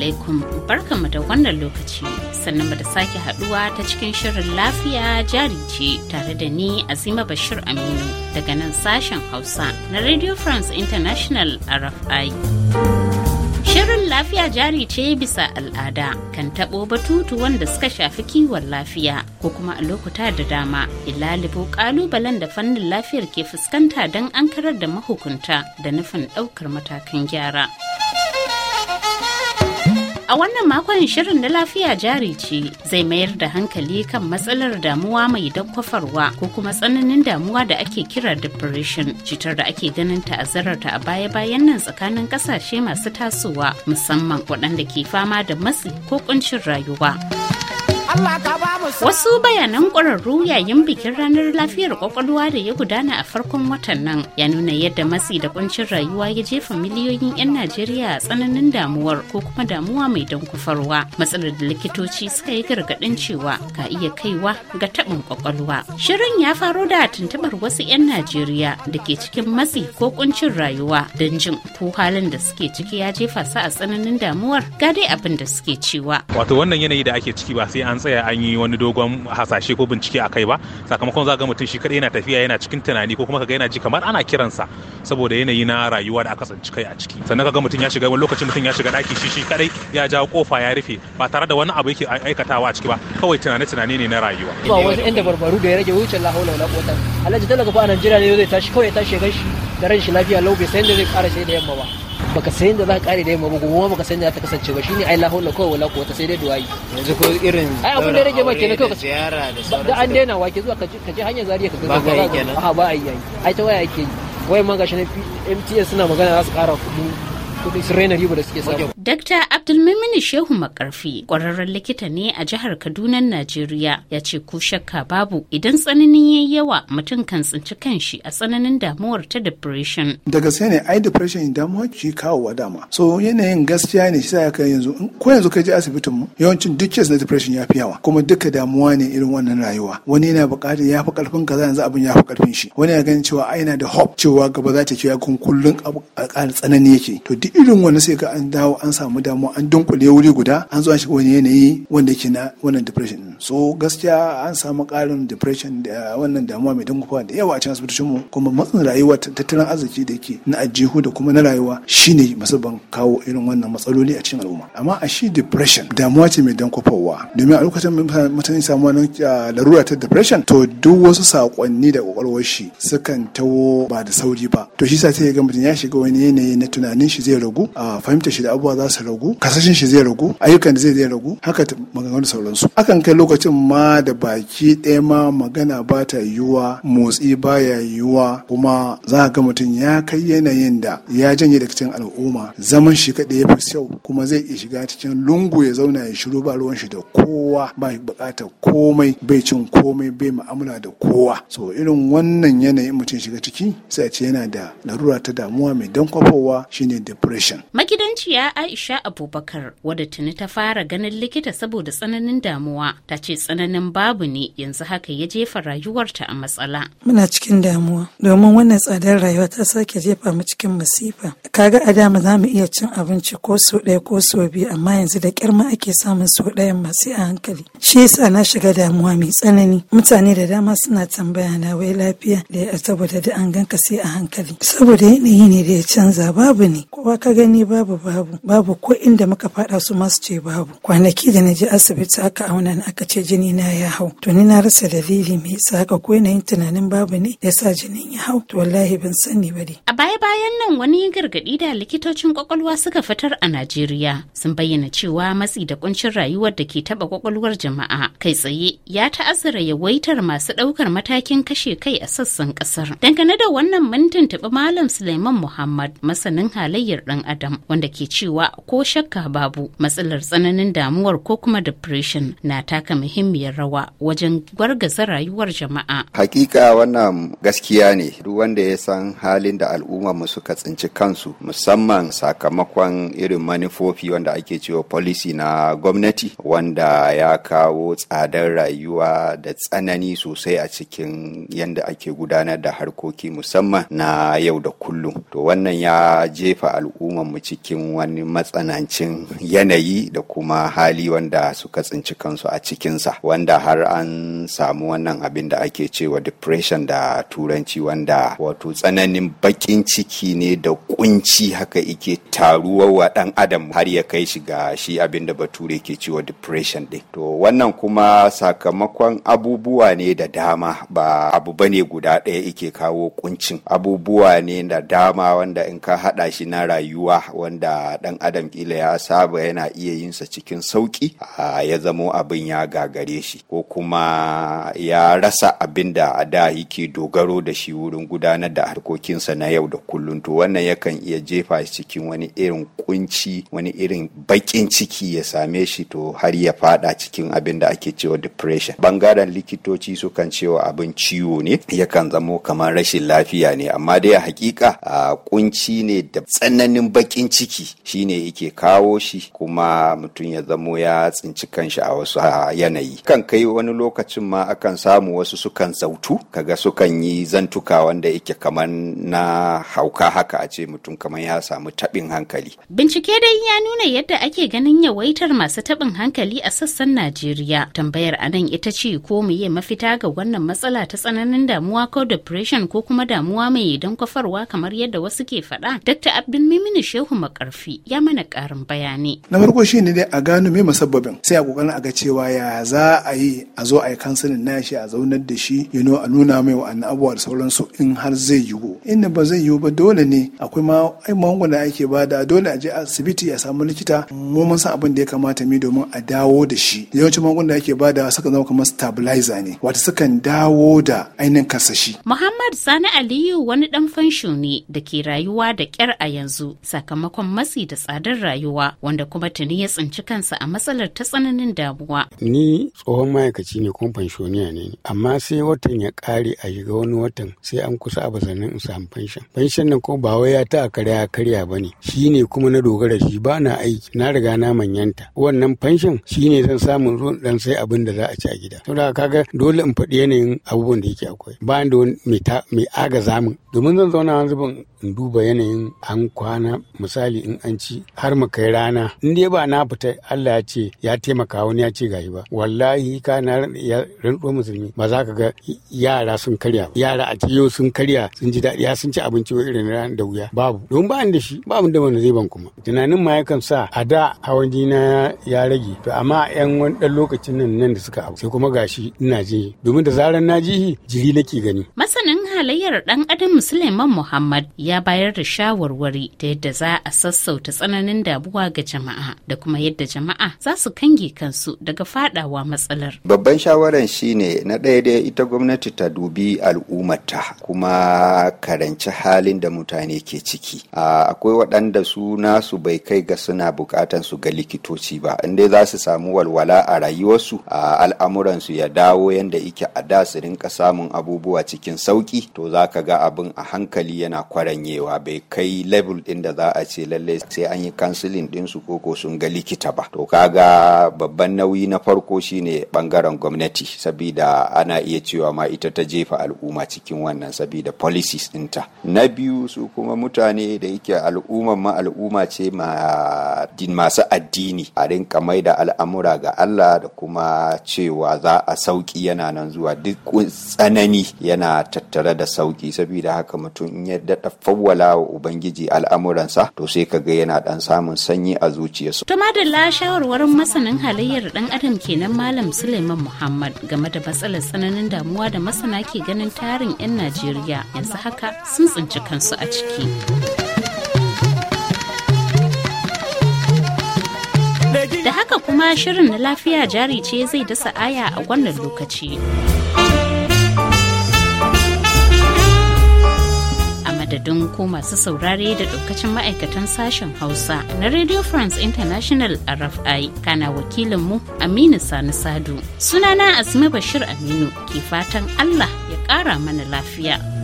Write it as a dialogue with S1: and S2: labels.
S1: alaikum barkanmu da wannan lokaci sannan mu da sake haduwa ta cikin shirin lafiya jari ce tare da ni azima bashir aminu daga nan sashen hausa na radio france international rfi Shirin lafiya jari ce bisa al'ada kan taɓo batutu wanda suka shafi kiwon lafiya ko kuma a lokuta da dama ilalibo kalubalen da fannin lafiyar ke fuskanta don an karar da mahukunta da nufin ɗaukar matakan gyara. A wannan makon shirin na lafiya jari ce zai mayar da hankali kan matsalar damuwa mai dakwafarwa ko kuma tsananin damuwa da ake kira depression cutar da ake ganin ta ta'azzararta a baya-bayan nan tsakanin kasashe masu tasowa musamman waɗanda ke fama da matsi ko kuncin rayuwa. Allah ka ba Wasu bayanan ƙwararru yayin bikin ranar lafiyar kwakwalwa da ya gudana a farkon watan nan ya nuna yadda matsi da kuncin rayuwa ya jefa miliyoyin 'yan Najeriya a tsananin damuwar ko kuma damuwa mai dankufarwa. Matsalar da likitoci suka yi gargaɗin cewa ka iya kaiwa ga taɓin kwakwalwa. Shirin ya faro da tuntuɓar wasu 'yan Najeriya da ke cikin matsi ko kuncin rayuwa don jin ko halin da suke ciki ya jefa su a tsananin damuwar ga dai abin da suke cewa.
S2: Wato wannan yanayi da ake ciki ba sai an tsaya an yi wani dogon hasashe ko bincike a kai ba sakamakon za ga mutum shi kadai yana tafiya yana cikin tunani ko kuma kaga yana ji kamar ana kiransa saboda yanayi na rayuwa da aka tsinci kai a ciki sannan kaga mutum ya shiga wani lokacin mutum ya shiga daki shi shi kadai ya jawo kofa ya rufe ba tare da wani abu yake aikatawa a ciki ba kawai tunane tunane ne na rayuwa ba wasu inda barbaru da ya rage wuce la haula wala alhaji talaka fa a Najeriya ne zai tashi kawai ya tashi ya gashi da ran shi lafiya lau bai san da zai kara sai da yamma ba baka san yadda za ka kare da yamma ba kuma baka san yadda za ta kasance ba shine ai la hawla ko wala ta sai dai du'a'i yanzu ko irin ai abin da rage ba kenan kawai ziyara da sauran da an daina wake zuwa ka je hanyar zariya ka ga ba ba a ba ai ai ai ta waya ake yi wai ma gashi na MTS suna magana za su kara kudi kudi su raina riba da suke samu
S1: Dr. Abdulmimini Shehu Makarfi, ƙwararren likita ne a jihar Kaduna, Najeriya, ya ce ko shakka babu idan tsananin yayi yawa mutum kan tsinci kanshi a tsananin damuwar ta depression.
S2: daga sai ne ai depression damuwa kawo wa dama. So yanayin gaskiya ne shi kai yanzu ko yanzu ka je asibitin mu yawancin duk na depression ya fi yawa kuma duka damuwa ne irin wannan rayuwa. Wani yana buƙatar ya fi ƙarfin kaza yanzu abin ya fi ƙarfin shi. Wani ya gani cewa ai yana da hope cewa gaba za ta ya kun kullum a ƙara tsanani yake. To duk irin wani sai ka an dawo an an samu damuwa an dunkule wuri guda an zo an shiga wani yanayi wanda yake na wannan depression so gaskiya an samu karin depression da wannan damuwa mai dunkufa da yawa a cikin asibitocin mu kuma matsin rayuwa tattalin arziki da yake na ajihu da kuma na rayuwa shine masabban kawo irin wannan matsaloli a cikin al'umma amma a shi depression damuwa ce mai dankofawa domin a lokacin mutane samu wannan larura ta depression to duk wasu sakonni da kwakwalwar shi sukan tawo ba da sauri ba to shi sa sai ga mutum ya shiga wani yanayi na tunanin shi zai ragu a fahimtar shi da abubuwa za su ragu kasashen shi zai ragu ayyukan da zai zai ragu haka maganganu sauransu akan kai lokacin ma da baki ɗaya ma magana ba ta yiwuwa motsi ba baya yiwuwa kuma za a ga mutum ya kai yanayin da ya janye daga cikin al'umma zaman shi kaɗai ya fi kyau kuma zai iya shiga cikin lungu ya zauna ya shiru ba ruwan shi da kowa ba buƙatar komai bai cin komai bai mu'amala da kowa so irin wannan yanayin mutum shiga ciki sai a ce yana da larura ta damuwa mai dankwafowa shine depression
S1: makidanciya Aisha Abubakar wadda tuni ta fara ganin likita saboda tsananin damuwa ta ce tsananin babu ne yanzu haka ya jefa rayuwarta a matsala.
S2: Muna cikin damuwa domin wannan tsadar rayuwa ta sake jefa mu cikin masifa. Kaga a dama za mu iya cin abinci ko sau ɗaya ko sau biyu amma yanzu da kyar ake samun so ɗayan masu a hankali. Shi yasa na shiga damuwa mai tsanani. Mutane da dama suna tambaya na wai lafiya da ya saboda da an ganka sai a hankali. Saboda yanayi ne da ya canza babu ne kowa ka gani babu babu. babu ko inda muka faɗa su masu ce babu kwanaki da na je asibiti aka auna ni aka ce jini na ya hau to ni na rasa dalili mai yasa haka ko yanayin tunanin babu ne ya sa jinin ya hau to wallahi ban sani ba dai
S1: a baya bayan nan wani gargaɗi da likitocin kwakwalwa suka fitar a Najeriya sun bayyana cewa matsi da kuncin rayuwar da ke taɓa kwakwalwar jama'a kai tsaye ya ta'azzara yawaitar masu ɗaukar matakin kashe kai a sassan ƙasar dangane da wannan mun tuntuɓi Malam Suleiman Muhammad masanin halayyar ɗan Adam wanda ke cewa ko shakka babu matsalar tsananin damuwar ko kuma depression na taka muhimmiyar rawa wajen gwargaza rayuwar jama'a.
S3: Hakika wannan gaskiya ne duk wanda ya san halin da al'ummar mu suka tsinci kansu musamman sakamakon irin manufofi wanda ake cewa policy na gwamnati wanda ya kawo tsadar rayuwa da tsanani sosai a cikin yadda ake gudanar da harkoki musamman na yau da kullum. To wannan ya jefa al'ummar mu cikin wani matsanancin yanayi da kuma hali wanda suka tsinci kansu a cikinsa wanda har an samu wannan abin da ake cewa depression da turanci wanda wato tsananin bakin ciki ne da kunci haka ike taruwa wa dan adam har ya kai shi ga shi abin da bature ke cewa depression din to wannan kuma sakamakon abubuwa ne da dama ba abu bane guda ɗaya ike kawo kuncin abubuwa ne da dama wanda in ka haɗa shi na rayuwa wanda dan adam adam kila ya saba yana iya yin sa cikin sauki ya zamo abin ya gagare shi ko kuma ya rasa abin da a da yake dogaro da shi wurin gudanar da harkokinsa na yau da kullum to wannan yakan iya jefa shi cikin wani irin kunci wani irin baƙin ciki ya same shi to har ya fada cikin abin da ake cewa depression bangaren likitoci sukan cewa abin ciwo ne yakan zamo kamar rashin lafiya ne amma dai a hakika a kunci ne da tsananin baƙin ciki shine yake kawo shi kuma mutum ya zamo ya tsinci kanshi a wasu yanayi kan kai wani lokacin ma akan samu wasu sukan zautu kaga sukan yi zantuka wanda yake kamar na hauka haka a ce mutum kamar ya samu taɓin hankali
S1: bincike dai ya nuna yadda ake ganin yawaitar masu taɓin hankali a sassan najeriya tambayar anan ita ce ko mu yi mafita ga wannan matsala ta tsananin damuwa ko depression ko kuma damuwa mai dankwafarwa kamar yadda wasu ke faɗa dr abdulmimini shehu makarfi ya mana karin
S2: bayani. Na farko shi ne dai a gano me musabbabin sai a kokarin a ga cewa ya za a yi a zo a yi kansilin nashi a zaunar da shi you know a nuna mai wa'annan abubuwa da sauransu in har zai yiwu. Inda ba zai yiwu ba dole ne akwai ma ai magunguna ake bada dole a je asibiti a samu likita mu mun san abin da ya kamata mi domin a dawo da shi. Yawancin magunguna ake bada suka zama kamar stabilizer ne wata sukan dawo da ainihin kasashi.
S1: Muhammad Sani Aliyu wani dan fansho ne da ke rayuwa da kyar a yanzu sakamakon matsi da tsadar rayuwa wanda kuma tuni ya tsinci kansa a matsalar ta tsananin damuwa.
S4: Ni tsohon ma'aikaci ne kuma fanshoniya ne amma sai watan ya kare a shiga wani watan sai an kusa a bazanin in samu fanshan. Fanshan nan ko ba wai ya ta karya karya ba ne shi ne kuma na dogara shi ba na aiki na riga na manyanta wannan fanshan shi ne zan samu ruwan dan sai abin da za a ci a gida. Saboda kaga dole in faɗi yanayin abubuwan da yake akwai ba da wani mai aga zamu domin zan zauna wani zubin in duba yanayin an kwana misali in an ci har mu kai rana in dai ba na fita Allah ya ce ya taimaka wani ya ce gashi ba wallahi ka na rinɗo musulmi ba za ka ga yara sun karya ba yara a ciyo sun karya sun ji daɗi ya sun ci abinci wa irin ran da wuya babu don ba da shi ba da wani zai ban kuma tunanin ma yakan sa a da hawan jina ya rage to amma yan wani ɗan lokacin nan nan da suka abu sai kuma gashi ina ji domin da zaran na ji jiri nake gani
S1: masanin halayyar ɗan adam musulman muhammad ya bayar da shawarwari ta yadda za a sassauta tsananin damuwa ga jama'a da kuma yadda jama'a za su kange kansu daga fadawa matsalar.
S3: Babban shawaran shine na ɗaya dai ita gwamnati ta dubi al'ummata kuma karanci halin da mutane ke ciki. Akwai waɗanda su nasu bai kai ga suna buƙatan su ga likitoci ba, inda za su samu walwala a rayuwarsu a al'amuransu ya dawo yadda ike a da su rinka samun abubuwa cikin sauƙi to za ka ga abin a hankali yana kwaranyewa bai kai level ɗin da za a ce lallai sai an an yi kansilin ɗinsu ko ko sun ga likita ba to kaga babban nauyi na farko shine bangaren gwamnati sabida ana iya cewa ma ita ta jefa al'umma cikin wannan sabida policies dinta na biyu su kuma mutane da yake al'umma ma al'umma ce masu addini a rinka mai da al'amura ga Allah da kuma cewa za a sauki yana nan zuwa duk tsanani yana tattare da sauki sabida haka mutum in ya daɗa fawwala wa ubangiji al'amuransa to sai ka ga yana dan samun sanyi a zuciyarsu. To
S1: madalla shawarwarin masanin halayyar dan adam kenan Malam Suleiman Muhammad game da matsalar tsananin damuwa da masana ke ganin tarin 'yan Najeriya yanzu haka sun tsinci kansu a ciki. Da haka kuma shirin na lafiya jari ce zai dasa aya a wannan lokaci. madadin ko masu saurare da ɗaukacin ma'aikatan sashen Hausa na Radio France International RFI kana wakilinmu Aminu Sani Sadu. Sunana Asma Bashir Aminu ke fatan Allah ya ƙara mana lafiya.